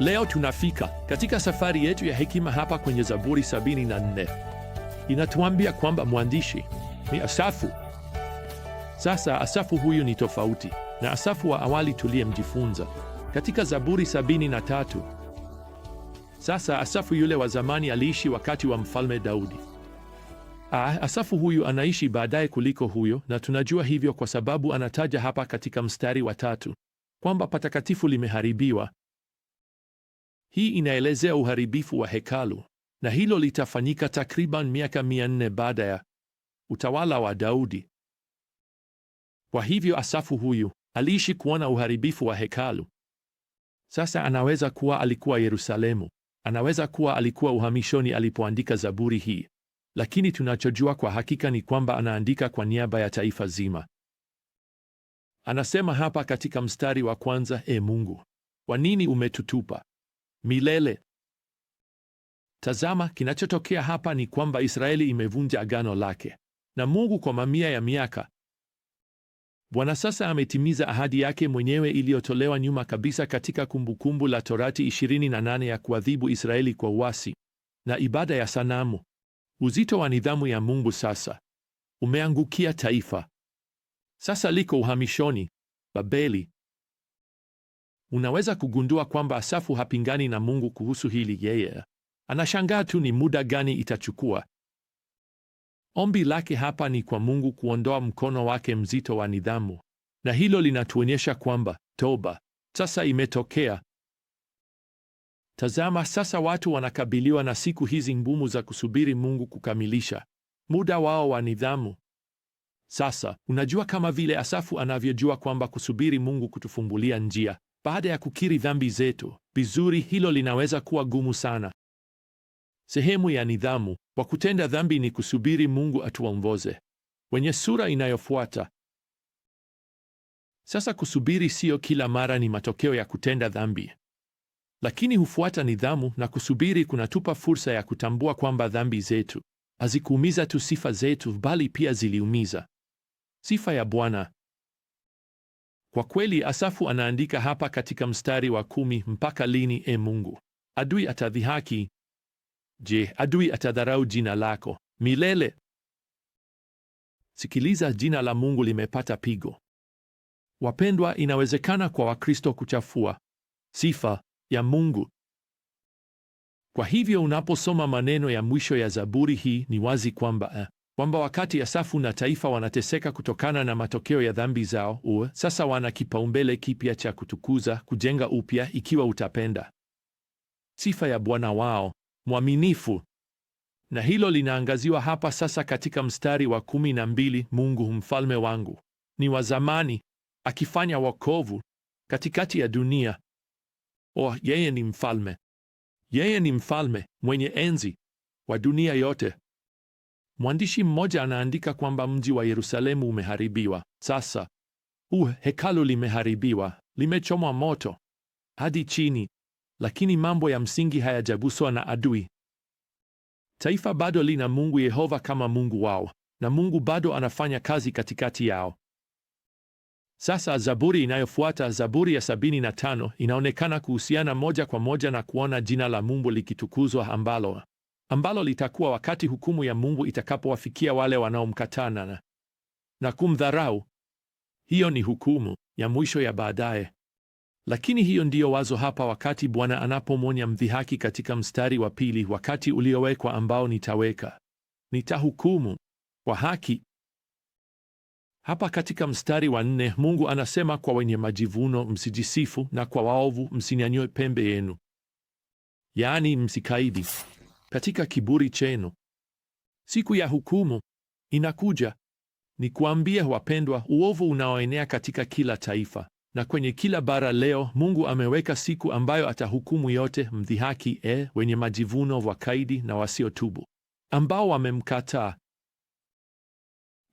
Leo tunafika katika safari yetu ya hekima hapa kwenye Zaburi 74 inatuambia kwamba mwandishi ni Asafu. Sasa Asafu huyu ni tofauti na Asafu wa awali tuliyemjifunza katika Zaburi 73. Sasa Asafu yule wa zamani aliishi wakati wa Mfalme Daudi. Ah, Asafu huyu anaishi baadaye kuliko huyo, na tunajua hivyo kwa sababu anataja hapa katika mstari wa tatu kwamba patakatifu limeharibiwa hii inaelezea uharibifu wa hekalu, na hilo litafanyika takriban miaka 400 baada ya utawala wa Daudi. Kwa hivyo Asafu huyu aliishi kuona uharibifu wa hekalu. Sasa anaweza kuwa alikuwa Yerusalemu, anaweza kuwa alikuwa uhamishoni alipoandika zaburi hii, lakini tunachojua kwa hakika ni kwamba anaandika kwa niaba ya taifa zima. Anasema hapa katika mstari wa kwanza, E Mungu, kwa nini umetutupa? milele. Tazama, kinachotokea hapa ni kwamba Israeli imevunja agano lake na Mungu kwa mamia ya miaka. Bwana sasa ametimiza ahadi yake mwenyewe iliyotolewa nyuma kabisa katika Kumbukumbu la Torati 28 ya kuadhibu Israeli kwa uasi na ibada ya sanamu. Uzito wa nidhamu ya Mungu sasa umeangukia taifa. Sasa liko uhamishoni Babeli. Unaweza kugundua kwamba Asafu hapingani na Mungu kuhusu hili. Yeye anashangaa tu ni muda gani itachukua. Ombi lake hapa ni kwa Mungu kuondoa mkono wake mzito wa nidhamu, na hilo linatuonyesha kwamba toba sasa imetokea. Tazama sasa, watu wanakabiliwa na siku hizi ngumu za kusubiri Mungu kukamilisha muda wao wa nidhamu. Sasa unajua, kama vile Asafu anavyojua kwamba kusubiri Mungu kutufumbulia njia baada ya kukiri dhambi zetu, vizuri, hilo linaweza kuwa gumu sana. Sehemu ya nidhamu kwa kutenda dhambi ni kusubiri Mungu atuongoze wenye sura inayofuata. Sasa, kusubiri siyo kila mara ni matokeo ya kutenda dhambi, lakini hufuata nidhamu, na kusubiri kunatupa fursa ya kutambua kwamba dhambi zetu hazikuumiza tu sifa zetu, bali pia ziliumiza sifa ya Bwana. Kwa kweli Asafu anaandika hapa katika mstari wa kumi, mpaka lini e Mungu? Adui atadhihaki. Je, adui atadharau jina lako milele? Sikiliza, jina la Mungu limepata pigo. Wapendwa, inawezekana kwa Wakristo kuchafua sifa ya Mungu. Kwa hivyo unaposoma maneno ya mwisho ya Zaburi hii, ni wazi kwamba eh, kwamba wakati Asafu na taifa wanateseka kutokana na matokeo ya dhambi zao, uwe sasa wana kipaumbele kipya cha kutukuza, kujenga upya, ikiwa utapenda, sifa ya Bwana wao mwaminifu. Na hilo linaangaziwa hapa sasa katika mstari wa kumi na mbili, Mungu mfalme wangu ni wa zamani, akifanya wokovu katikati ya dunia. Oh, yeye ni mfalme, yeye ni mfalme mwenye enzi wa dunia yote. Mwandishi mmoja anaandika kwamba mji wa Yerusalemu umeharibiwa sasa. Uh, hekalu limeharibiwa, limechomwa moto hadi chini, lakini mambo ya msingi hayajaguswa na adui. Taifa bado lina Mungu Yehova kama Mungu wao, na Mungu bado anafanya kazi katikati yao. Sasa zaburi inayofuata, Zaburi ya sabini na tano, inaonekana kuhusiana moja kwa moja na kuona jina la Mungu likitukuzwa ambalo ambalo litakuwa wakati hukumu ya Mungu itakapowafikia wale wanaomkatana na, na kumdharau. Hiyo ni hukumu ya mwisho ya baadaye. Lakini hiyo ndiyo wazo hapa, wakati Bwana anapomwonya mdhihaki katika mstari wa pili, wakati uliowekwa ambao nitaweka nitahukumu kwa haki. Hapa katika mstari wa nne Mungu anasema, kwa wenye majivuno msijisifu, na kwa waovu msinyanyue pembe yenu, yaani msikaidi katika kiburi chenu. Siku ya hukumu inakuja. ni kuambia wapendwa, uovu unaoenea katika kila taifa na kwenye kila bara leo, Mungu ameweka siku ambayo atahukumu yote mdhihaki, e wenye majivuno, wakaidi na wasiotubu ambao wamemkataa.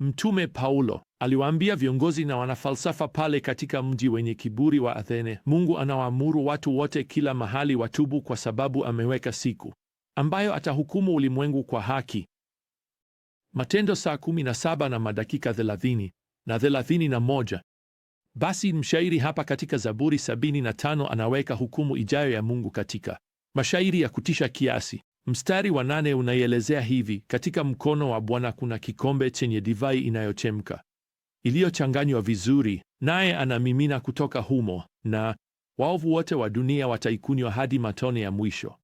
Mtume Paulo aliwaambia viongozi na wanafalsafa pale katika mji wenye kiburi wa Athene, Mungu anawaamuru watu wote kila mahali watubu, kwa sababu ameweka siku ambayo atahukumu ulimwengu kwa haki. Matendo saa kumi na madakika thelathini na moja. Basi mshairi hapa katika Zaburi 75 anaweka hukumu ijayo ya Mungu katika mashairi ya kutisha kiasi. Mstari wa nane unaielezea hivi: katika mkono wa Bwana kuna kikombe chenye divai inayochemka iliyochanganywa vizuri, naye anamimina kutoka humo, na waovu wote wa dunia wataikunywa hadi matone ya mwisho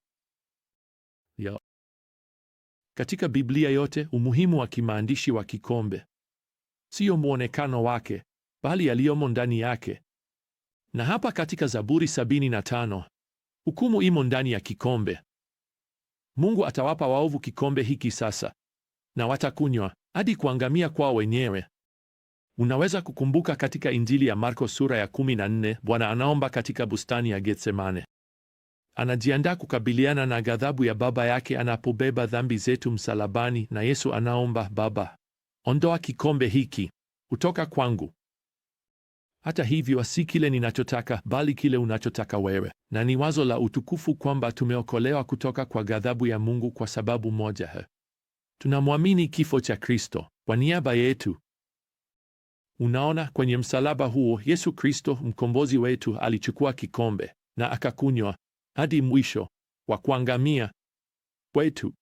katika Biblia yote umuhimu wa kimaandishi wa kikombe siyo mwonekano wake, bali yaliyomo ndani yake. Na hapa katika Zaburi 75 hukumu imo ndani ya kikombe. Mungu atawapa waovu kikombe hiki sasa, na watakunywa hadi kuangamia kwao wenyewe. Unaweza kukumbuka katika Injili ya Marko sura ya 14, Bwana anaomba katika bustani ya Getsemane, Anajiandaa kukabiliana na ghadhabu ya Baba yake anapobeba dhambi zetu msalabani, na Yesu anaomba, Baba, ondoa kikombe hiki kutoka kwangu. Hata hivyo, si kile ninachotaka, bali kile unachotaka wewe, na ni wazo la utukufu kwamba tumeokolewa kutoka kwa ghadhabu ya Mungu kwa sababu moja, tunamwamini kifo cha Kristo kwa niaba yetu. Unaona, kwenye msalaba huo Yesu Kristo mkombozi wetu alichukua kikombe na akakunywa hadi mwisho wa kuangamia kwetu.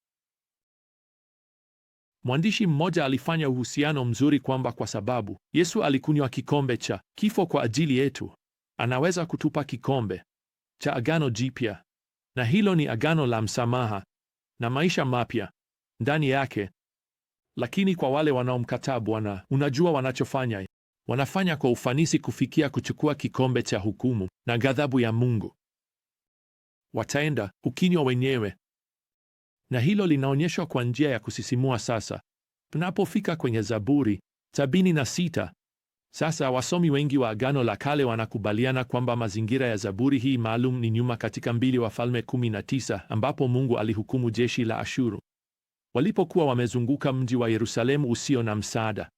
Mwandishi mmoja alifanya uhusiano mzuri kwamba kwa sababu Yesu alikunywa kikombe cha kifo kwa ajili yetu, anaweza kutupa kikombe cha agano jipya, na hilo ni agano la msamaha na maisha mapya ndani yake. Lakini kwa wale wanaomkataa Bwana, unajua wanachofanya? Wanafanya kwa ufanisi kufikia kuchukua kikombe cha hukumu na ghadhabu ya Mungu wataenda ukinywa wenyewe, na hilo linaonyeshwa kwa njia ya kusisimua. Sasa tunapofika kwenye Zaburi sabini na sita, sasa wasomi wengi wa Agano la Kale wanakubaliana kwamba mazingira ya Zaburi hii maalum ni nyuma katika mbili Wafalme 19 ambapo Mungu alihukumu jeshi la Ashuru walipokuwa wamezunguka mji wa Yerusalemu usio na msaada.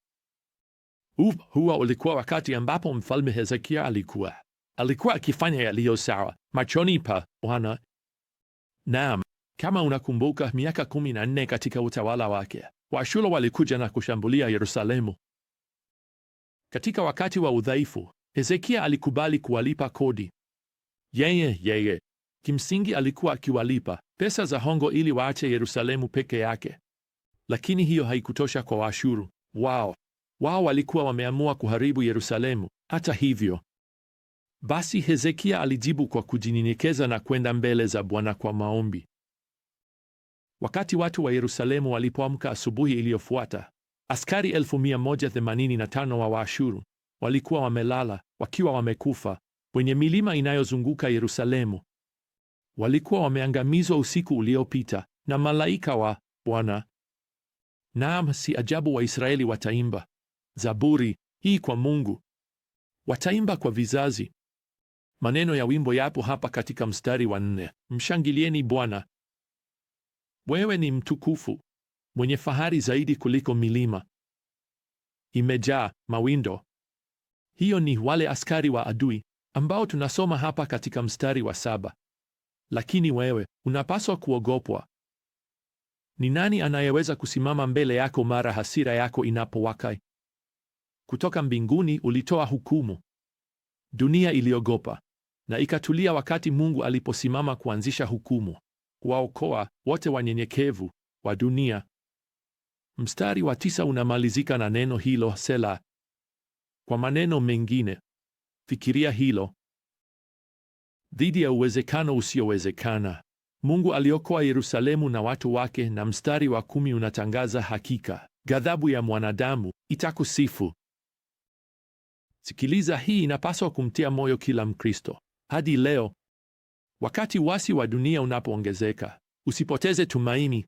Huwa ulikuwa wakati ambapo Mfalme Hezekia alikuwa alikuwa akifanya yaliyo sawa machoni pa Bwana. Naam, kama unakumbuka, miaka kumi na nne katika utawala wake Washulo walikuja na kushambulia Yerusalemu. Katika wakati wa udhaifu, Hezekia alikubali kuwalipa kodi. Yeye yeye kimsingi alikuwa akiwalipa pesa za hongo ili waache Yerusalemu peke yake, lakini hiyo haikutosha kwa washuru Wao wao walikuwa wameamua kuharibu Yerusalemu. Hata hivyo, basi Hezekia alijibu kwa kujinyenyekeza na kwenda mbele za Bwana kwa maombi. Wakati watu wa Yerusalemu walipoamka asubuhi iliyofuata, askari 1185 wa Waashuru walikuwa wamelala wakiwa wamekufa kwenye milima inayozunguka Yerusalemu. Walikuwa wameangamizwa usiku uliopita na malaika wa Bwana. Naam, si ajabu Waisraeli wataimba zaburi hii kwa Mungu, wataimba kwa vizazi. Maneno ya wimbo yapo hapa katika mstari wa nne: mshangilieni Bwana, wewe ni mtukufu, mwenye fahari zaidi kuliko milima imejaa mawindo. Hiyo ni wale askari wa adui ambao tunasoma hapa katika mstari wa saba. Lakini wewe unapaswa kuogopwa. Ni nani anayeweza kusimama mbele yako mara hasira yako inapowaka? Kutoka mbinguni ulitoa hukumu, dunia iliogopa na ikatulia wakati Mungu aliposimama kuanzisha hukumu, kuwaokoa wote wanyenyekevu wa dunia. Mstari wa tisa unamalizika na neno hilo Sela. Kwa maneno mengine, fikiria hilo. Dhidi ya uwezekano usiowezekana, Mungu aliokoa Yerusalemu na watu wake, na mstari wa kumi unatangaza hakika, ghadhabu ya mwanadamu itakusifu. Sikiliza, hii inapaswa kumtia moyo kila Mkristo hadi leo. Wakati wasi wa dunia unapoongezeka, usipoteze tumaini.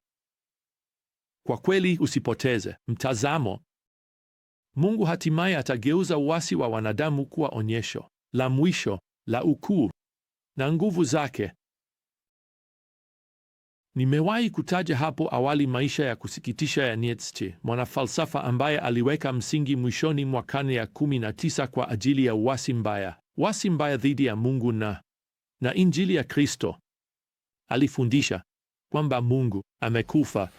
Kwa kweli, usipoteze mtazamo. Mungu hatimaye atageuza uasi wa wanadamu kuwa onyesho la mwisho la ukuu na nguvu zake. Nimewahi kutaja hapo awali maisha ya kusikitisha ya Nietzsche, mwanafalsafa ambaye aliweka msingi mwishoni mwa karne ya 19 kwa ajili ya uasi mbaya wasi mbaya dhidi ya Mungu na na injili ya Kristo. Alifundisha kwamba Mungu amekufa.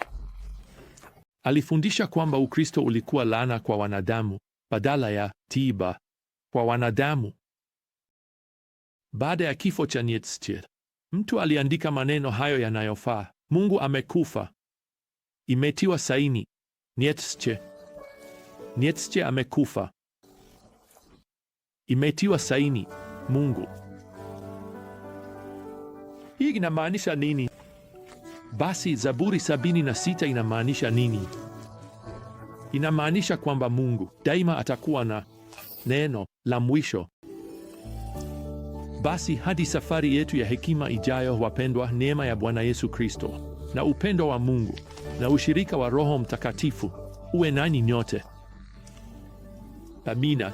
Alifundisha kwamba Ukristo ulikuwa laana kwa wanadamu badala ya tiba kwa wanadamu. Baada ya kifo cha Nietzsche, mtu aliandika maneno hayo yanayofaa: Mungu amekufa. Imetiwa saini Nietzsche. Nietzsche amekufa imetiwa saini Mungu. Hii inamaanisha nini? Basi Zaburi 76 inamaanisha nini? Inamaanisha kwamba Mungu daima atakuwa na neno la mwisho. Basi hadi safari yetu ya hekima ijayo, wapendwa, neema ya Bwana Yesu Kristo na upendo wa Mungu na ushirika wa Roho Mtakatifu uwe nani nyote. Amina.